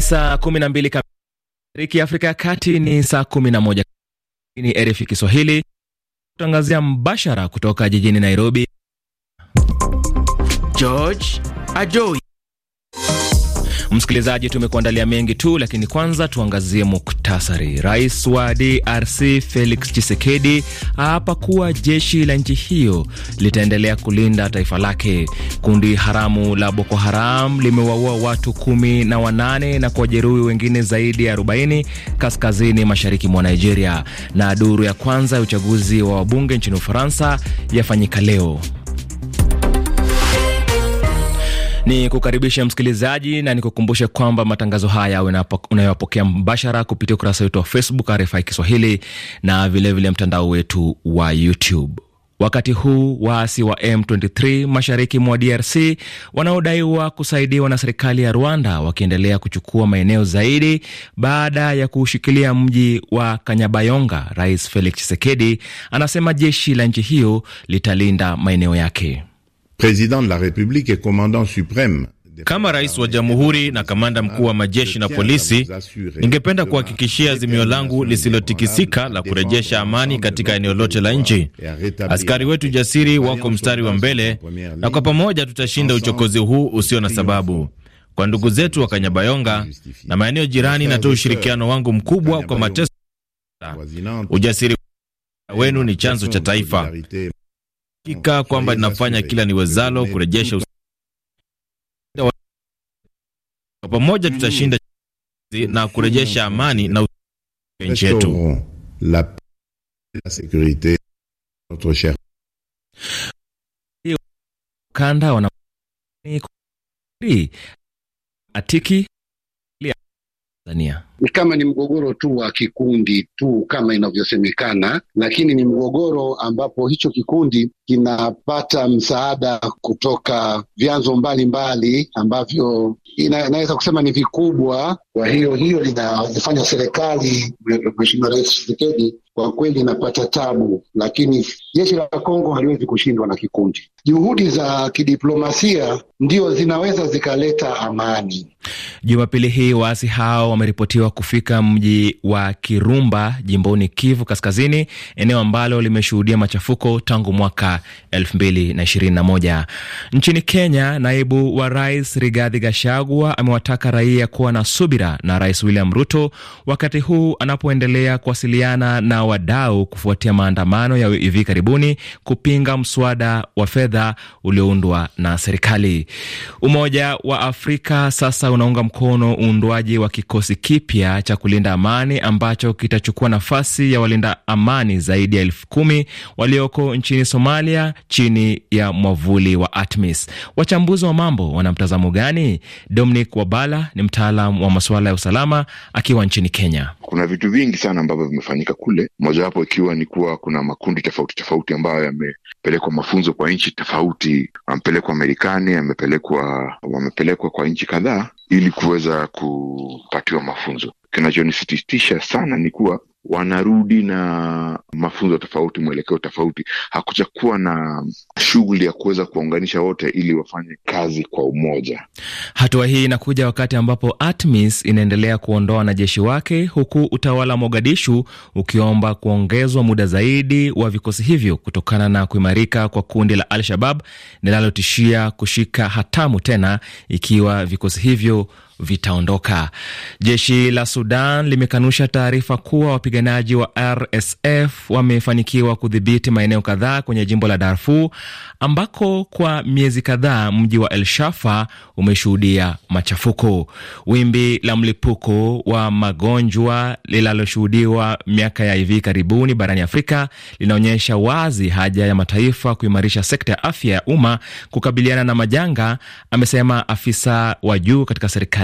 saa kumi na mbili kamili Afrika ya Kati, ni saa kumi na moja ni RFI Kiswahili, kutangazia mbashara kutoka jijini Nairobi. George Ajoi Msikilizaji, tumekuandalia mengi tu, lakini kwanza tuangazie muktasari. Rais wa DRC Felix Tshisekedi aapa kuwa jeshi la nchi hiyo litaendelea kulinda taifa lake. Kundi haramu la Boko Haram limewaua watu kumi na wanane na kuwajeruhi wengine zaidi ya 40 kaskazini mashariki mwa Nigeria. Na duru ya kwanza ya uchaguzi wa wabunge nchini Ufaransa yafanyika leo. Ni kukaribisha msikilizaji na nikukumbushe kwamba matangazo haya unayopokea mbashara kupitia ukurasa wetu wa Facebook RFI Kiswahili na vilevile mtandao wetu wa YouTube. Wakati huu waasi wa M23 mashariki mwa DRC wanaodaiwa kusaidiwa na serikali ya Rwanda wakiendelea kuchukua maeneo zaidi baada ya kuushikilia mji wa Kanyabayonga. Rais Felix Tshisekedi anasema jeshi la nchi hiyo litalinda maeneo yake. Kama rais wa jamhuri na kamanda mkuu wa majeshi na polisi, ningependa kuhakikishia azimio langu lisilotikisika la kurejesha amani katika eneo lote la nchi. Askari wetu jasiri wako mstari wa mbele, na kwa pamoja tutashinda uchokozi huu usio na sababu. Kwa ndugu zetu wa Kanyabayonga na maeneo jirani, natoa ushirikiano wangu mkubwa kwa mateso. Ujasiri wenu ni chanzo cha taifa hakika mm. kwamba ninafanya kila niwezalo kurejesha Kwa pamoja mm. tutashinda na kurejesha mm. amani na nchi yetu. Kanda wana atiki Tanzania. Ni kama ni mgogoro tu wa kikundi tu kama inavyosemekana, lakini ni mgogoro ambapo hicho kikundi kinapata msaada kutoka vyanzo mbalimbali ambavyo inaweza kusema ni vikubwa. Kwa hiyo hiyo inafanya serikali, Mheshimiwa Rais Tshisekedi kwa kweli inapata tabu, lakini jeshi la Kongo haliwezi kushindwa na kikundi. Juhudi za kidiplomasia ndio zinaweza zikaleta amani. Jumapili hii waasi hao wameripotiwa kufika mji wa Kirumba jimboni Kivu Kaskazini, eneo ambalo limeshuhudia machafuko tangu mwaka 2021. Nchini Kenya, naibu wa rais Rigathi Gachagua amewataka raia kuwa na subira na Rais William Ruto wakati huu anapoendelea kuwasiliana na wadau kufuatia maandamano ya hivi karibuni kupinga mswada wa fedha ulioundwa na serikali. Umoja wa Afrika sasa unaunga mkono uundwaji wa kikosi kipya cha kulinda amani ambacho kitachukua nafasi ya walinda amani zaidi ya elfu kumi walioko nchini Somalia chini ya mwavuli wa ATMIS. Wachambuzi wa mambo wana mtazamo gani? Dominic Wabala ni mtaalam wa masuala ya usalama akiwa nchini Kenya. Kuna vitu vingi sana ambavyo vimefanyika kule, mojawapo ikiwa ni kuwa kuna makundi tofauti tofauti ambayo amepelekwa mafunzo kwa nchi tofauti, amepelekwa Marekani, amepelekwa wamepelekwa kwa nchi kadhaa ili kuweza kupatiwa mafunzo. Kinachonisititisha sana ni kuwa wanarudi na mafunzo tofauti, mwelekeo tofauti. Hakuchakuwa na shughuli ya kuweza kuwaunganisha wote ili wafanye kazi kwa umoja. Hatua hii inakuja wakati ambapo ATMIS inaendelea kuondoa wanajeshi wake, huku utawala wa Mogadishu ukiomba kuongezwa muda zaidi wa vikosi hivyo kutokana na kuimarika kwa kundi la Al-Shabab linalotishia kushika hatamu tena ikiwa vikosi hivyo vitaondoka. Jeshi la Sudan limekanusha taarifa kuwa wapiganaji wa RSF wamefanikiwa kudhibiti maeneo kadhaa kwenye jimbo la Darfur ambako kwa miezi kadhaa mji wa El Shafa umeshuhudia machafuko. Wimbi la mlipuko wa magonjwa linaloshuhudiwa miaka ya hivi karibuni barani Afrika linaonyesha wazi haja ya mataifa kuimarisha sekta ya afya ya umma kukabiliana na majanga, amesema afisa wa juu katika serikali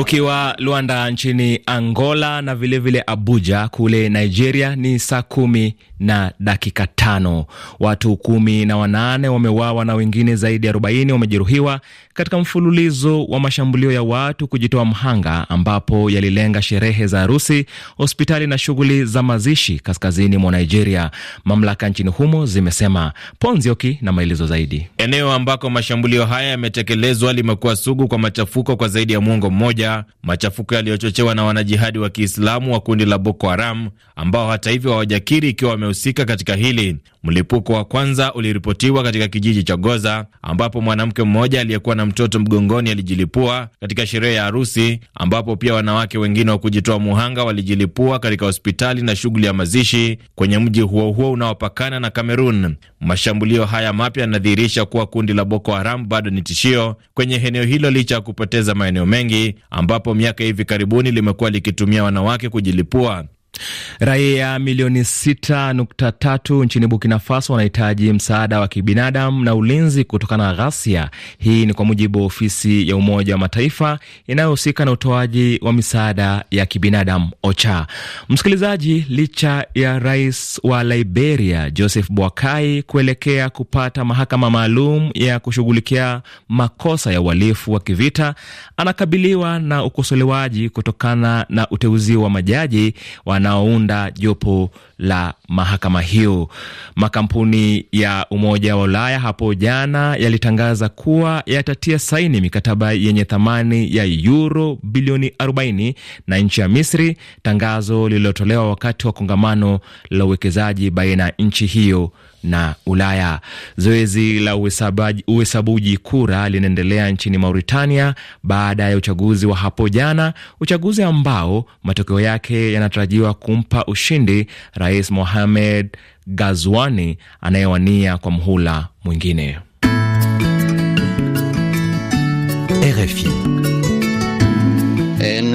ukiwa Luanda nchini Angola na vilevile vile Abuja kule Nigeria ni saa kumi na dakika tano. Watu kumi na wanane wameuawa na wengine zaidi ya arobaini wamejeruhiwa katika mfululizo wa mashambulio ya watu kujitoa mhanga ambapo yalilenga sherehe za harusi, hospitali na shughuli za mazishi kaskazini mwa Nigeria, mamlaka nchini humo zimesema. Ponzioki na maelezo zaidi. Eneo ambako mashambulio haya yametekelezwa limekuwa sugu kwa machafuko kwa zaidi ya mwongo mmoja, machafuko yaliyochochewa na wanajihadi wa Kiislamu wa kundi la Boko Haram ambao hata hivyo hawajakiri ikiwa wamehusika katika hili. Mlipuko wa kwanza uliripotiwa katika kijiji cha Goza ambapo mwanamke mmoja aliyekuwa na na mtoto mgongoni alijilipua katika sherehe ya harusi, ambapo pia wanawake wengine wa kujitoa muhanga walijilipua katika hospitali na shughuli ya mazishi kwenye mji huo huo unaopakana na Kamerun. Mashambulio haya mapya yanadhihirisha kuwa kundi la Boko Haram bado ni tishio kwenye eneo hilo, licha ya kupoteza maeneo mengi, ambapo miaka hivi karibuni limekuwa likitumia wanawake kujilipua. Raia milioni 6.3 nchini Burkina Faso wanahitaji msaada wa kibinadamu na ulinzi kutokana na ghasia. Hii ni kwa mujibu wa ofisi ya Umoja wa Mataifa inayohusika na utoaji wa misaada ya kibinadamu OCHA. Msikilizaji, licha ya rais wa Liberia Joseph Boakai kuelekea kupata mahakama maalum ya kushughulikia makosa ya uhalifu wa kivita, anakabiliwa na ukosolewaji kutokana na uteuzi wa majaji wa wanaounda jopo la mahakama hiyo. Makampuni ya Umoja wa Ulaya hapo jana yalitangaza kuwa yatatia saini mikataba yenye thamani ya yuro bilioni 40 na nchi ya Misri, tangazo lililotolewa wakati wa kongamano la uwekezaji baina ya nchi hiyo na Ulaya. Zoezi la uhesabuji kura linaendelea nchini Mauritania baada ya uchaguzi wa hapo jana, uchaguzi ambao matokeo yake yanatarajiwa kumpa ushindi Rais Mohamed Gazwani anayewania kwa mhula mwingine. RFI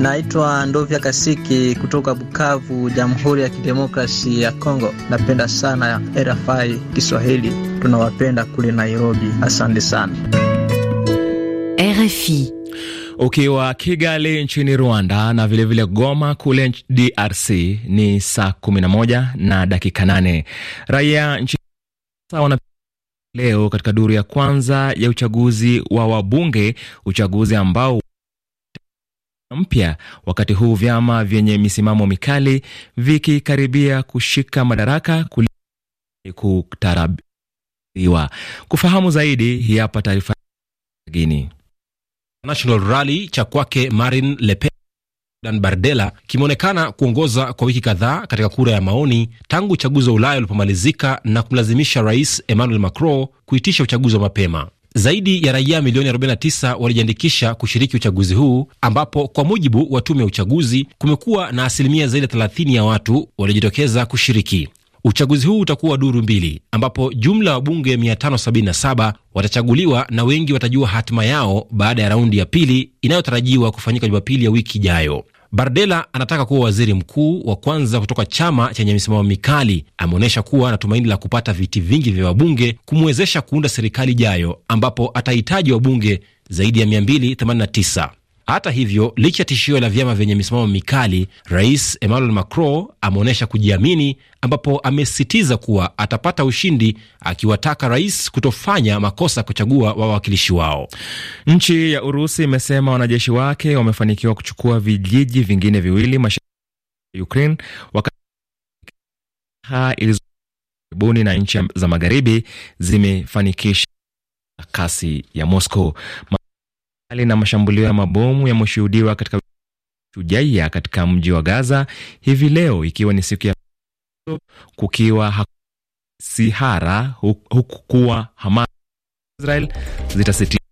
Naitwa Ndovya Kasiki kutoka Bukavu, Jamhuri ya Kidemokrasi ya Kongo. Napenda sana RFI Kiswahili, tunawapenda kule Nairobi. Asante sana RFI ukiwa okay, Kigali nchini Rwanda na vilevile vile Goma kule DRC ni saa 11 na dakika 8. Raia nchini leo katika duru ya kwanza ya uchaguzi wa wabunge, uchaguzi ambao mpya wakati huu vyama vyenye misimamo mikali vikikaribia kushika madaraka kutarabiwa. Kufahamu zaidi, hii hapa taarifa gini National Rally cha kwake Marine Le Pen Dan Bardella kimeonekana kuongoza kwa wiki kadhaa katika kura ya maoni tangu uchaguzi wa Ulaya ulipomalizika na kumlazimisha rais Emmanuel Macron kuitisha uchaguzi wa mapema. Zaidi ya raia milioni 49 walijiandikisha kushiriki uchaguzi huu, ambapo kwa mujibu wa tume ya uchaguzi kumekuwa na asilimia zaidi ya 30 ya watu waliojitokeza kushiriki. Uchaguzi huu utakuwa duru mbili, ambapo jumla wabunge 577 watachaguliwa na wengi watajua hatima yao baada ya raundi ya pili inayotarajiwa kufanyika Jumapili ya wiki ijayo. Bardella anataka kuwa waziri mkuu wa kwanza kutoka chama chenye misimamo mikali. Ameonyesha kuwa na tumaini la kupata viti vingi vya wabunge kumwezesha kuunda serikali ijayo ambapo atahitaji wabunge zaidi ya 289. Hata hivyo, licha ya tishio la vyama vyenye misimamo mikali, Rais Emmanuel Macron ameonyesha kujiamini, ambapo amesisitiza kuwa atapata ushindi, akiwataka rais kutofanya makosa kuchagua wawakilishi wao. Nchi ya Urusi imesema wanajeshi wake wamefanikiwa kuchukua vijiji vingine viwili mashariki ya Ukraine wakati na nchi za magharibi zimefanikisha kasi ya Moscow. Hali na mashambulio ya mabomu yameshuhudiwa katika Shujaia katika mji wa Gaza hivi leo, ikiwa ni siku ya kukiwa sihara huku kuwa Hamas Israel zitasitisha